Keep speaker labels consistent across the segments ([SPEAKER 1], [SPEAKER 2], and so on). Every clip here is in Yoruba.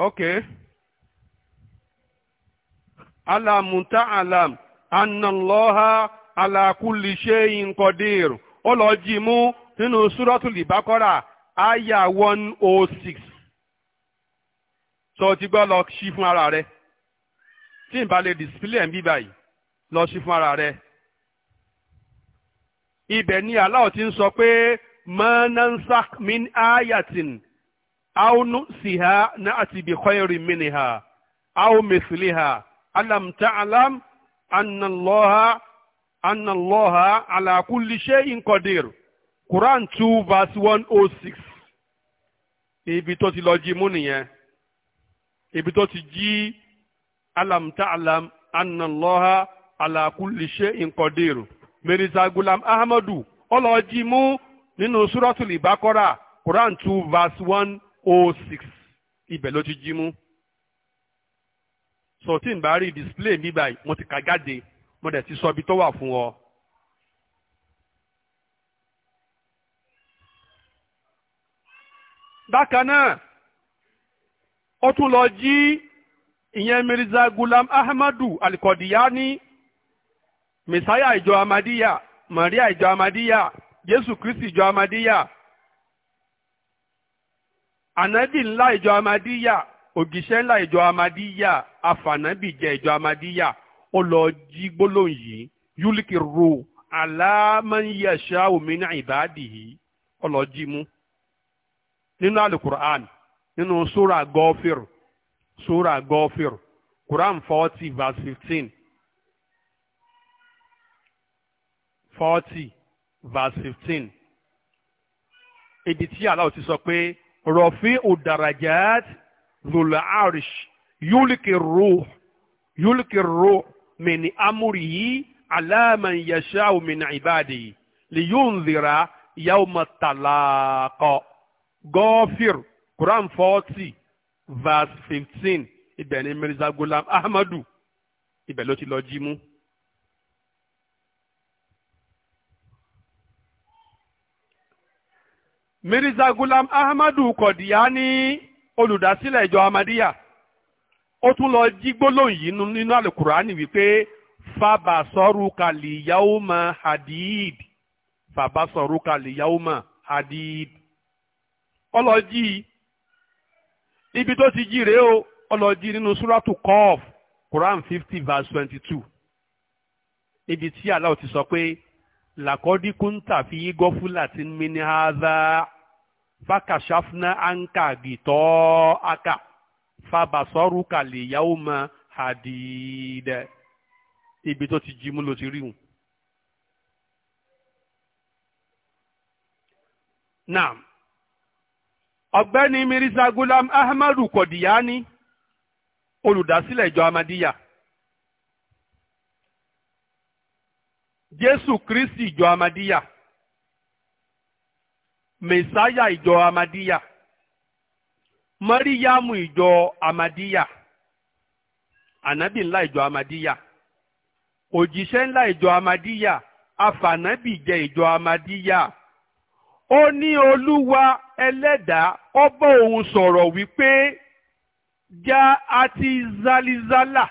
[SPEAKER 1] Okay. Alam anọlọha anna Allaha ala kulli shay'in qadir. nínú Súrọ́tù àyà one oh six. Sọ ti gbọ́ lọ ṣí fún ara rẹ̀. Tí n bá lè ń lọ ṣí fún ara rẹ̀. Ibẹ̀ ni Allah ti ń sọ pé, min ayatin. أو نؤسها نأتي ha, au أو ha ألم تعلم أن الله أن الله على كل شيء قدير Quran two verse one oh six ibi to ti lọ jí mú nìyẹn ibi to ti alam ta'lam anna ala kulli shay'in qadir Gulam Ahmadu ó lọ Suratul Quran two verse 1 oh six ibẹ̀ ló ti jí mú so tí n bá rí display mi báyìí mo ti kà jáde mo dẹ̀ ti sọ ibi tó wà fún ọ. bákan náà ó tún lọ jí ìyẹn Mirza Gulam Ahmadu Alikodiyani Mẹsáyà ìjọ Amadiya Maria ìjọ Amadiya Jésù Kristi ìjọ Amadiya ànábì ńlá ìjọ amadíyà ògìṣẹ́ ńlá ìjọ Amadiya, afànábì jẹ́ ìjọ amadíyà ó lọ jí gbólóhùn yìí yúlíkì ro aláàmáyàṣá òmìnira ìbáàdì yìí ó lọ jí mú nínú alukur'an nínú sura gọfìr sura gọfìr quran forty verse fifteen forty verse fifteen ibi tí ti sọ pé. rọ̀fí udarajat lula arish yúlìkì ruh yúlìkì ruh min amúrìyí aláàmàn yasha min ibadihi liyunzira yawma talaqa gọ́fìr quran forty verse fifteen ibẹ̀ ni mirza gulam ahmadu ibẹ̀ ló ti lọ jí mú. mirza gulam ahmadu kọ̀díyání olùdásílẹ̀ ìjọ amadiya ó tún lọ jí gbólóhùn yìí nínú alukurani wípé fàbàsọ́rùkà lìyàwómà hadid fàbàsọ́rùkà lìyàwómà hadid ọlọ́jì ibi tó ti jí rèé o ọlọ́jì nínú suratu kọ́ọ̀f quran fifty verse twenty two ibi tí Allah ti sọ pé làkọ́dí kunta fi yígọ́ fúlàtí mini haza fákàṣáfúná áńkà gìtọ́ áká fàbàṣọ́rùkà lè yáwó mọ àdìdẹ ibi tó ti jimú ló ti rí hùn. naam ọ̀gbẹ́ni mirisa gulam ahmadu kọ̀díyání olùdásílẹ̀ ìjọ amadíyà jésù kristi ìjọ amadíyà mẹsáyà ìjọ amadíyà mọ́ríyámù ìjọ amadíyà ànábì ńlá ìjọ amadíyà òjíṣẹ́ ńlá ìjọ amadíyà afànábì jẹ ìjọ amadíyà ó ní olúwa ẹlẹ́dàá ọba òun sọ̀rọ̀ wípé já àti zalizala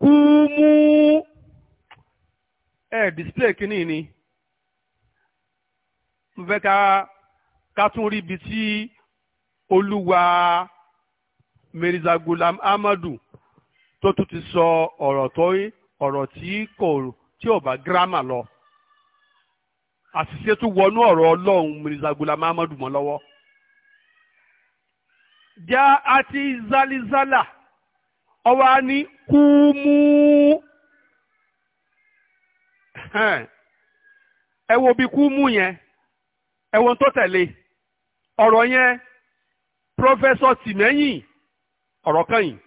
[SPEAKER 1] kú mú ẹ display kínní ni mo fẹ́ ká ká tún rí ibi tí olúwa Mirza Ghulam Ahmadu tó tún ti sọ ọ̀rọ̀ tó ọ̀rọ̀ tí kò tí ò bá gírámà lọ àṣìṣe tún wọnú ọ̀rọ̀ ọlọ́run Mirza Ghulam Ahmadu mọ́ lọ́wọ́. já àti zalizala ọwọ́ á ní kú ẹ wo bí kú mú yẹn ẹ wo tó tẹ̀lé ọ̀rọ̀ yẹn pọfẹsọ tìmẹ́yìn ọ̀rọ̀ kan yìí.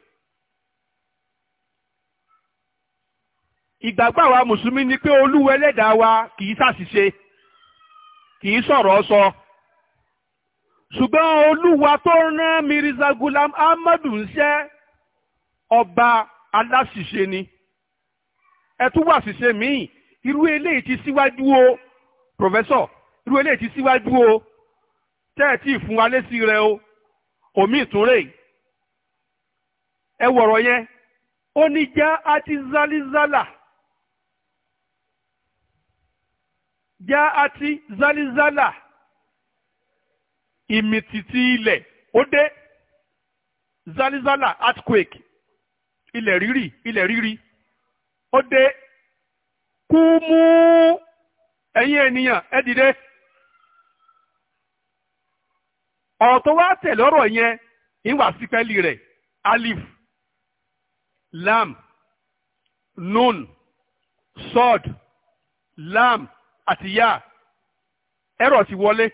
[SPEAKER 1] ìgbàgbọ́ mùsùlùmí ni pé olúwa ẹlẹ́dàá wa kì í ṣàṣìṣe kì í sọ̀rọ̀ sọ ṣùgbọ́n olúwa tó rán mirza gulam ahmadu ń ṣẹ́ ọba aláṣìṣe ni ẹ tún wà ṣìṣe míì irú eléyìí ti síwájú o pòfẹ́sọ̀ irú eléyìí ti síwájú o tẹ́ẹ̀tì fún wa lésì rẹ o omi ìtúnrè ẹ wọ̀rọ̀ yẹn ó ní já àti zálízálà já àti zálízálà ìmìtìtì ilẹ̀ ó dé zálízálà earthquake ilẹ̀ rírì ilẹ̀ rírì ó dé kú ẹ̀yìn ènìyàn ẹ dìde ọ̀rọ̀ tó wá tẹ̀ lọ́rọ̀ yẹn ìwà sípẹ́lì rẹ̀ alif lam nun sod lam àti ya ẹ̀rọ ti wọlé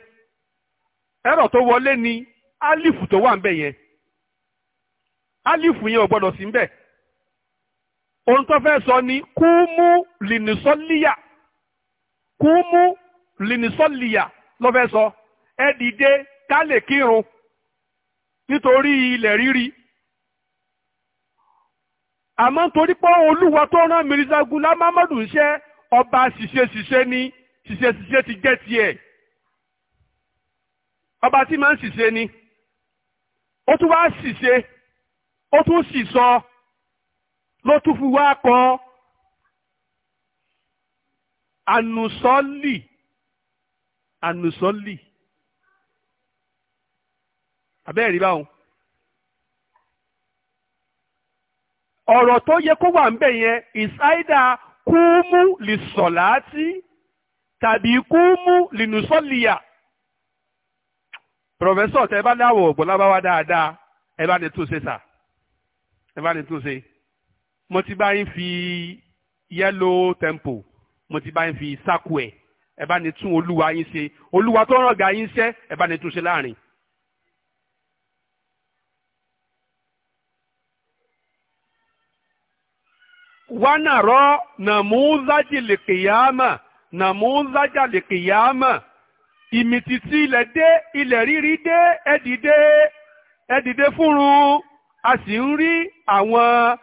[SPEAKER 1] ẹ̀rọ tó wọlé ni alif tó wà ń bẹ̀ yẹn alif yẹn ò gbọ́dọ̀ sí ń bẹ̀ ohun tó fẹ́ sọ ni kúmú lìnìsọ́líyà kúmú lìnìsọ́líyà ló fẹ́ sọ ẹ dìde ká lè kírun nítorí ilẹ̀ rírí àmọ́ torí pé olúwa tó rán Mirza Ghulam Ahmadu ń ṣe ọba ṣìṣeṣìṣe ni ṣìṣeṣìṣe ti jẹ́ tiẹ̀ ọba tí máa ń ṣìṣe ni ó tún wá ṣìṣe ó tún sì sọ ló tún fi wá kọ ànùsọ́lì ànùsọ́lì àbẹ́ẹ̀rí báwọn. ọ̀rọ̀ tó yẹ kó wà ń bẹ̀ yẹn is either kúmú lìsọ̀láàtì tàbí kúmú lìnùsọ́lìyà. pọ̀fẹ́sọ̀ tẹ́ bá dáwọ̀ ọ̀gbọ́n lábáwá dáadáa ẹ bá ní túnṣe sà ẹ bá ní túnṣe mo ti bá yín fi yellow tempo mo ti bá yín fi sáku ẹ̀ ẹ bá ní tún olúwa yín ṣe olúwa tó rọ̀gà yín ṣẹ́ ẹ bá ní tún ṣe láàrin. wánàrọ nàmúzájì lè kìyàmà nàmúzájà lè kìyàmà ìmìtìtì ilẹ̀ dé ilẹ̀ rírí dé ẹ̀dìdé ẹ̀dìdé fúnrun a sì ń rí àwọn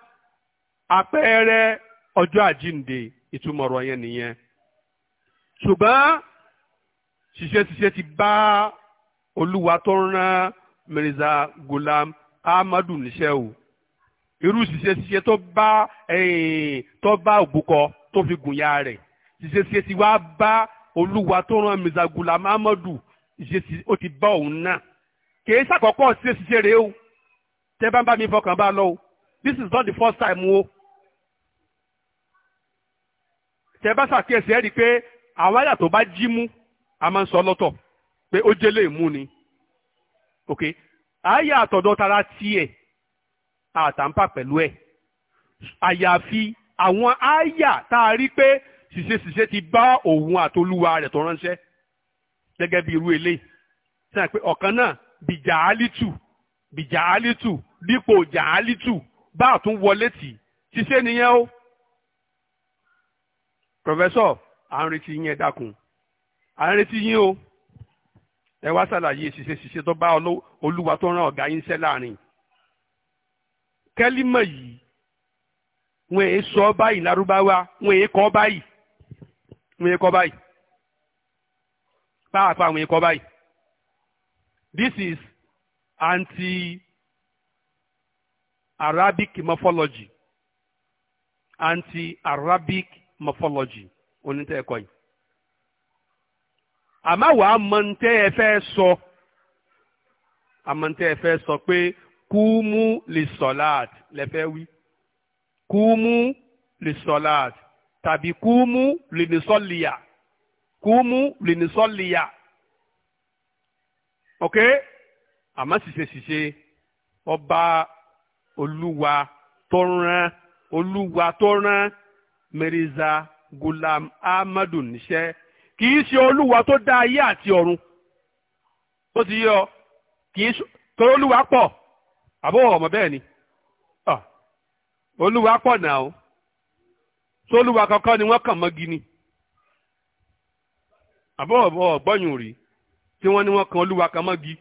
[SPEAKER 1] àpẹẹrẹ ọjọ́ àjíǹde ìtumọ̀ ọ̀rọ̀ yẹn nìyẹn ṣùgbọ́n ṣiṣẹ́ṣiṣẹ́ ti bá olúwa tó rán Mirza Gulam Ahmadu níṣẹ́ o irú ṣiṣẹ́ṣiṣẹ́ tó bá tó bá òbúkọ tó fi gùn ya rẹ̀ ṣiṣẹ́ṣiṣẹ́ ti wá bá olúwa tó rán Mirza Gulam Ahmadu ó ti bá òun náà kìí ṣàkọ́kọ́ ṣiṣẹ́ṣiṣẹ́ rèé o tẹ́ bá ń bá mi fọkàn bá lọ o this is not the first time o. Oh tẹ bá ṣàkíyèsí ẹ rí i pé àwọn àyà tó bá jí mú a máa ń sọ lọ́tọ̀ pé ó jẹ́ lè mú ni ok àyà àtọ̀dọ̀ tara tiẹ̀ àtàǹpà pẹ̀lú ẹ̀ àyàfi àwọn àyà tá a rí pé ṣìṣeṣìṣe ti bá òun àtolúwa rẹ̀ tó ránṣẹ́ gẹ́gẹ́ bí irú eléyìí sẹ́yìn pé ọ̀kan náà bìjà álítù bìjà álítù dípò jà álítù bá àtún wọlé tì ṣiṣẹ́ nìyẹn o pọfẹsọ à ń retí yín ẹ dákun à ń retí yín o ẹ wá ṣàlàyé ṣiṣẹ́ ṣiṣẹ́ tó bá olúwa tó rán ọ̀gá yín ṣẹ́ láàrin kẹ́límọ̀ yìí wọ́n èé sọ báyìí lárúbáwá wọ́n èé kọ́ báyìí èé báyìí èé báyìí this is anti-Arabic morphology anti-Arabic morphology onítẹ̀ ẹ̀kọ́ yìí àmọ́ wàá mọ ntẹ́ ẹ fẹ́ sọ àmọ́ ntẹ́ ẹ fẹ́ sọ pé kúmú lè sọ̀láàt lẹ́fẹ́ wí kúmú lè sọ̀láàt tàbí kúmú lè ní sọ́lìyà kúmú lè ní sọ́lìyà ok àmọ́ ṣìṣe ṣìṣe ọba olúwa tó rán olúwa tó rán. Mirza Gulam Ahmadu níṣẹ́ kì í ṣe olúwa tó dá ayé àti ọ̀run ó ti yọ kì í ṣe torí olúwa pọ̀ àbó ọmọ bẹ́ẹ̀ ni olúwa pọ̀ náà o sólúwa kankan ni wọ́n kàn mọ́gi ni àbó ọ̀gbọ́yùn rí tí wọ́n ní wọ́n kan olúwa kan mọ́gi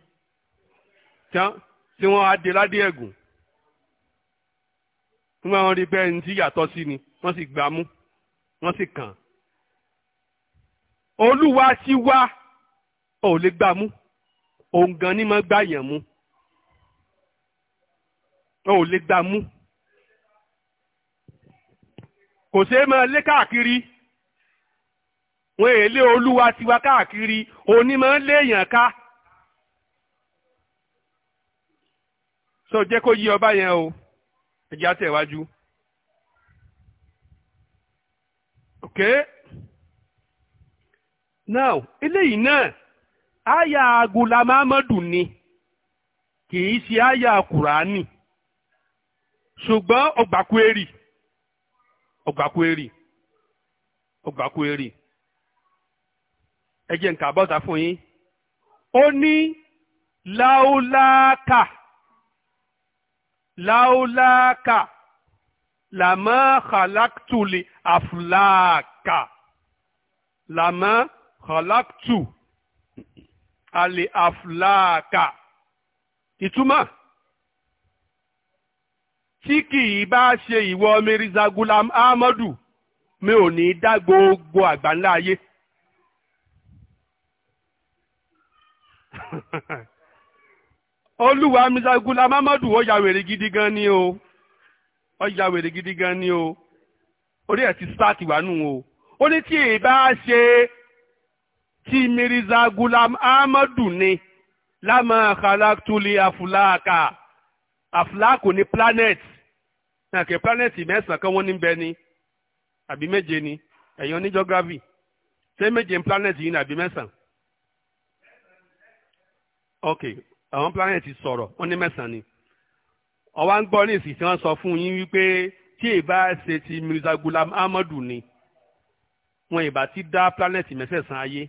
[SPEAKER 1] tí wọ́n á ládé ẹ̀gùn nígbà wọn rí bẹ́ẹ̀ ní tí yàtọ̀ sí ni wọ́n sì gbámú wọ́n sì kàn. olúwa sí wá ò lè gbámú òun gan ni máa gbá yẹn mú ò lè gbámú kò ṣeé máa lé káàkiri wọn èlé olúwa tiwa káàkiri òní máa ń léèyàn ká. sọ jẹ́ kó yí ọba yẹn o ẹjẹ́ àtẹ̀wájú. ok now eléyìí náà àyà agùlámàmọ́dù ni kì í ṣe àyà kùránì ṣùgbọ́n ọgbàkú èrì ọgbàkú èrì ọgbàkú èrì ẹ jẹ́ nǹkan àbọ̀tà fún yín ó ní láúláàkà láúláàkà làmọ́ kàláktùlì àfúláàkà làmọ́ kàláktù àlè àfúláàkà ìtumọ̀ tí kì í bá ṣe ìwọ Mirza Gulam Ahmadu mi ò ní dá gbogbo àgbáńlá ayé. olúwa misagula mamadu ó ya wèrè gidi gan ni o ó ya wèrè gidi gan ni o orí ẹ̀ ti sáàtì wà nù o ó ní tí èyí bá ṣe ti mirza gulam amadu ni lámà kalaktuli afulaka afulako ni planet nàkè planet mẹ́sàn-án kan wọ́n ní bẹ́ẹ̀ ni àbí méje ni ẹ̀yàn ní geography ṣé méje planet yìí ni àbí mẹ́sàn okay àwọn planeti sọ̀rọ̀ wọ́n ní mẹ́sàn-án ni ọwá ń gbọ́ ní ìsìn tí wọ́n sọ fún yín wípé tí ìbá ṣe ti Mirza Gulam Ahmadu ni wọn ìbá ti dá planeti mẹ́sẹ̀sán ayé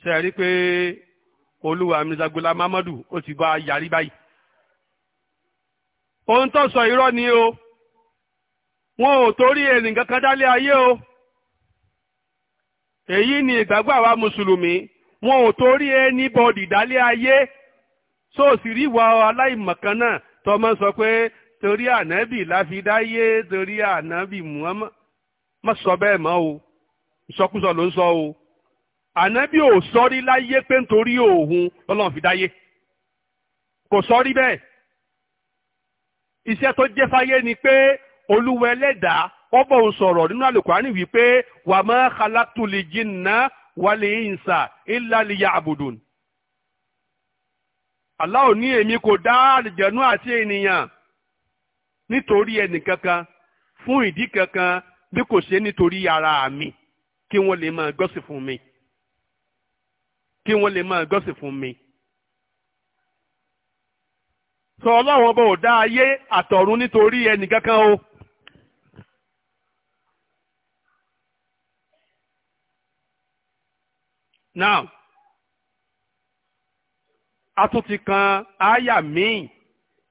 [SPEAKER 1] ṣe rí pé olúwa Mirza Gulam Ahmadu ó ti bá yarí báyìí ohun tó sọ irọ́ ni o wọn ò torí ẹnì kankan dálé ayé o èyí ni ìgbàgbọ́ àwa mùsùlùmí wọn ò torí anybody dálé ayé so sì rí ìwà aláìmọ̀kan náà tọmọ sọ pé torí ànábì láfidáyé torí ànábì Muhammad má sọ bẹ́ẹ̀ mọ́ o ìsọkúsọ ló ń sọ o ànábì ò sọrí láyé pé nítorí òun lọ́lọ́run fi dáyé kò sọrí bẹ́ẹ̀ iṣẹ́ tó jẹ́ fáyé ni pé olúwa ẹlẹ́dàá ọbọ̀ ń sọ̀rọ̀ nínú àlùkò àní wípé wàá máa khalaqtu li jinna wàlẹ̀ ìǹsà ìlàlìyà àbùdùn. Allah ní èmi kò dá àlìjẹ̀nú àti ènìyàn nítorí ẹnìkankan fún ìdí kankan bí kò ṣe nítorí ara mi kí wọ́n lè máa gọ́sì fún mi kí wọ́n lè máa gọ́sì fún mi. sọ ọlọ́run ọba ò dá ayé àtọ̀run nítorí ẹnìkankan o. now a tún ti kan aya míì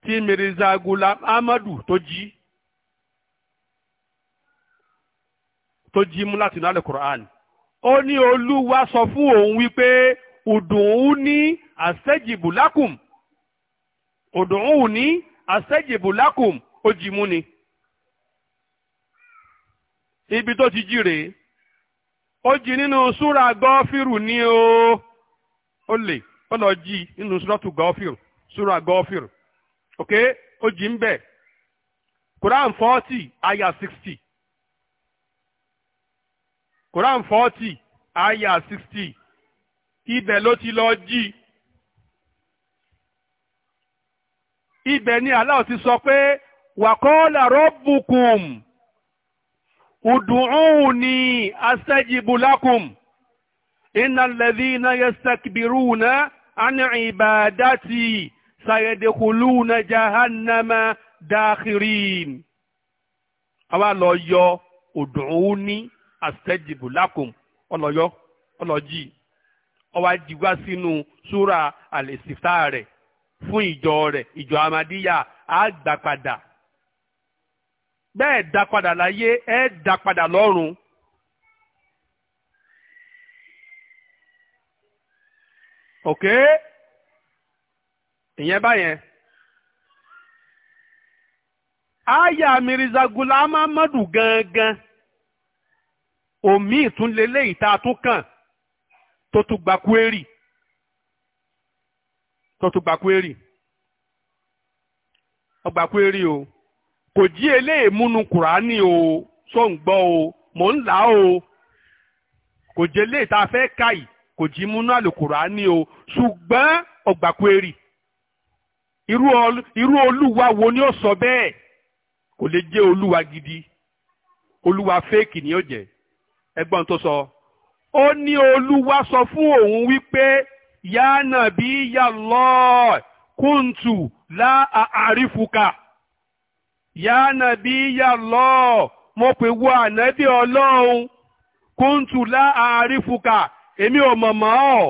[SPEAKER 1] tí mirza gulam amadu tó jí tó jí mú láti inú alukur'an ó ní olúwa sọ fún òun wípé ùdùnún ní àṣẹjìbù lákùm ùdùnún ní àṣẹjìbù lákùm ó jí mú ni ibi tó ti jí rèé. ó jí nínú súra gọ́ọ́fìrù ní o ó lè lọ jí nínú súrọ́tù gọ́ọ́fìrù súra ok ó jí ń bẹ̀ Quran forty aya sixty Quran forty aya sixty ibẹ̀ ló ti lọ jí ibẹ̀ ni Allah ti sọ pé wàkọ́ọ́lá rọ́bùkùn. ادعوني استجب لكم ان الذين يستكبرون عن عبادتي سيدخلون جهنم داخرين àwa lọ yọ ud'uni astajibu lakum ọlọyọ ọlọjì ọwá jìgbà sínú súra al-Istiftah rẹ̀ fún ìjọ rẹ̀ ìjọ Ahmadiyya àgbàpadà bẹ́ẹ̀ da padà láyé ẹ da padà l'ọ́rùn. ok ìyẹn báyẹn aya mirza gulam amadu gangan omi ìtúnlélẹ̀ ìta tó kàn tó tún gba kúérì tó tún gba kúérì ọgbà kúérì o. kò jí eléyìí múnu kùránì o sọ ń gbọ́ o mò ń là o kò jí eléyìí tá a fẹ́ kà yìí kò jí múnu àlùkùránì o ṣùgbọ́n ọ̀gbàkúérì irú olúwa wo ni ó sọ bẹ́ẹ̀ kò lè jẹ́ olúwa gidi olúwa fẹ́ẹ̀kì ni ó jẹ́ ẹgbọ́n tó sọ ó ní olúwa sọ fún òun wípé yánà bí yàlọ́ọ̀ kóńtù lá àrífùkà. yá nàbí yà lọ mo pè wọ ànábì ọlọ́run kóńtù láàárín fúkà èmi ò mọ̀mọ́ ọ̀.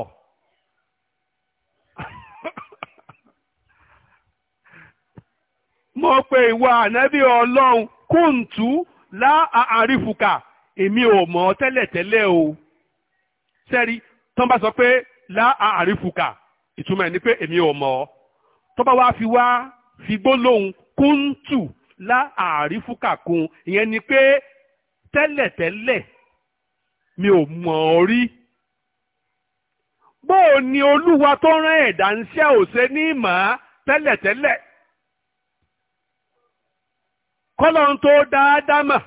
[SPEAKER 1] mo pè ìwọ ànábì ọlọ́run kóńtù láàárín fúkà èmi ò mọ̀ tẹ́lẹ̀tẹ́lẹ̀ o. sẹ́rí tán bá sọ pé láàárín fúkà ìtumọ̀ ẹ̀ ni pé èmi ò mọ̀ ọ́ tọ́ba wa fi wá fi gbólóhùn kóńtù la lá àrífúkàkun ìyẹn ni pé tẹ́lẹ̀tẹ́lẹ̀ mi ò mọ̀ ọ́ rí bóò o olúwa tó rán ẹ̀dá ń ṣe òṣè ní ìmọ̀ tẹ́lẹ̀tẹ́lẹ̀ kọ́lọ́n tó dáadáa mà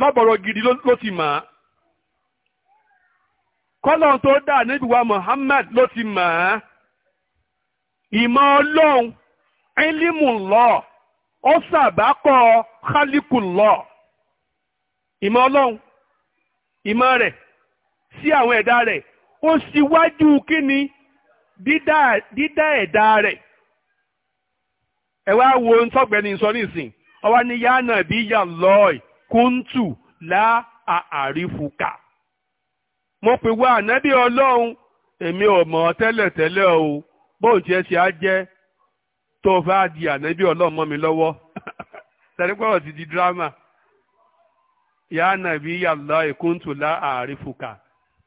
[SPEAKER 1] lọ́bọ̀rọ̀ gidi ló ti mọ̀ á kọ́lọ́n tó dá ànábì wa Muhammad ló ti mọ̀ á ìmọ̀ ọlọ́run lọ́ọ̀ ó sàbákọ khalikullah ìmọ̀ ọlọ́run ìmọ̀ rẹ̀ sí àwọn ẹ̀dá rẹ̀ ó síwájú kíni dídá ẹ̀dá rẹ̀ ẹ wá wo ntọ́gbẹ́ni sọ nísìn ọwá ní yánà bí yà Kụntu kúntù lá àrífùkà mo pè wá ànábì ọlọ́run èmi ò mọ̀ tẹ́lẹ̀tẹ́lẹ̀ o bóun tiẹ̀ ṣe á tó fẹ́ di ànábì ọlọ́mọ mi lọ́wọ́ tẹ̀lépọ̀rọ̀ ti di dírámà ya nàbí yàlá ìkúntùlá àrífùkà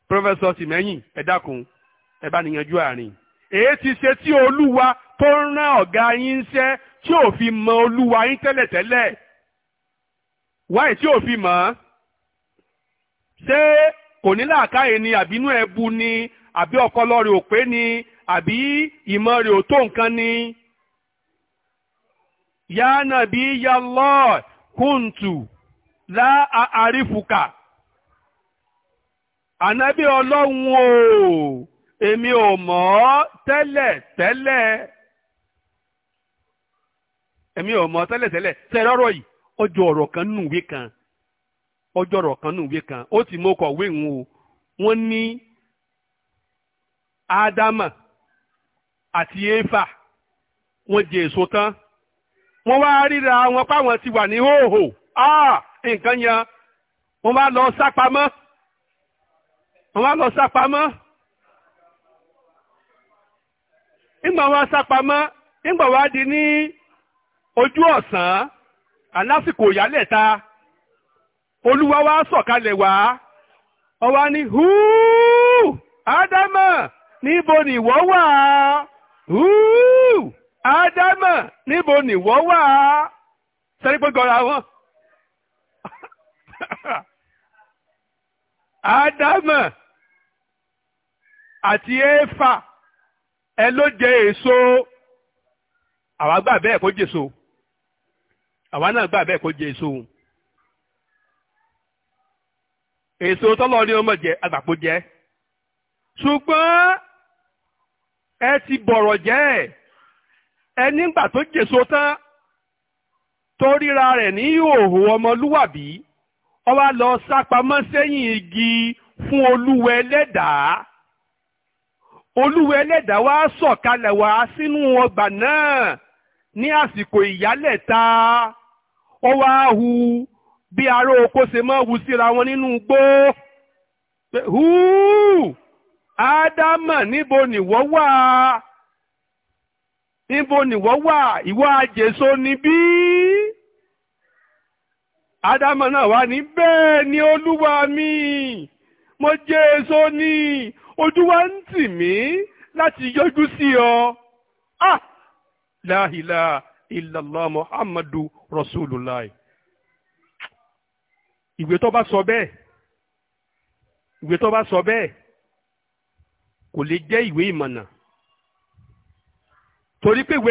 [SPEAKER 1] pírọfẹsọ tìmẹ́yìn ẹ dákun ẹ bá níyanjú àárín èyí ti ṣe tí olúwa tó ń rán ọ̀gá yín ṣẹ́ tí ò fi mọ olúwa yín tẹ́lẹ̀tẹ́lẹ̀ wáyé tí ò fi mọ̀ ọ́ ṣé kò ní làákàyè ni àbínú ẹ̀bu ni àbí ọpọlọ rẹ̀ ò pé ni àbí ìmọ̀ rẹ̀ ò tó nǹkan ni. ya nabi Allah kuntu la àrífùkà ànábì ọlọ́run o èmi ò mọ̀ ọ́ tẹ́lẹ̀ tẹ́lẹ̀ èmi ò mọ̀ ọ́ tẹ́lẹ̀ tẹ́lẹ̀ tẹ́lẹ̀ ọ̀rọ̀ yìí ọjọ́ ọ̀rọ̀ kan nù kan ọjọ́ ọ̀rọ̀ ti ọkọ̀ o wọ́n ní ádámà àti éfà wọ́n jẹ èso tán. wọ́n wá ríra wọn páwọn ti wà ní hóhò nǹkan yẹn wọ́n wá lọ sápamọ́ wọ́n wá lọ sápamọ́ nígbà wọn sápamọ́ nígbà wá di ní ojú ọ̀sán alásìkò ìyálẹ̀ta olúwa wá sọ̀kalẹ̀ wá ọwá ní húúú ádámà níbo ni ìwọ wà húúú. ádámà níbo nìwọ wà á sẹ́rí pé gọ́ra wọn. ádámà àti éfà ẹ ló jẹ èso àwa gbà bẹ́ẹ̀ kó jèso àwa náà gbà bẹ́ẹ̀ kó jẹ èso èso tọ́lọ́ ní ọmọ jẹ àgbàpò jẹ ṣùgbọ́n ẹ ti bọ̀rọ̀ jẹ́ ẹ̀. ẹni ńgbà tó jèso tán tó ríra rẹ̀ ní ìhòòhò ọmọlúwàbí ó wá lọ sápamọ́ sẹ́yìn igi fún olúwa ẹlẹ́dàá olúwa ẹlẹ́dàá wá sọ̀kalẹ̀ wá sínú ọgbà náà ní àsìkò ìyálẹ̀ ta ó wá hu bí ará oko ṣe máa hu síra wọn nínú igbó húù ádámà níbo nìwọ wà á níbo nìwọ wà ìwọ àjèso níbí ádámọ̀ náà wà ní bẹ́ẹ̀ ni olúwa mi mo jẹ èso ní ojú wa ń tì mí láti yọjú sí ọ ah la ilaha illallah muhammadu rasulullah ìwé tó bá sọ bẹ́ẹ̀ ìwé tó bá sọ bẹ́ẹ̀ kò lè jẹ́ ìwé ìmọ̀nà torí pé ìwé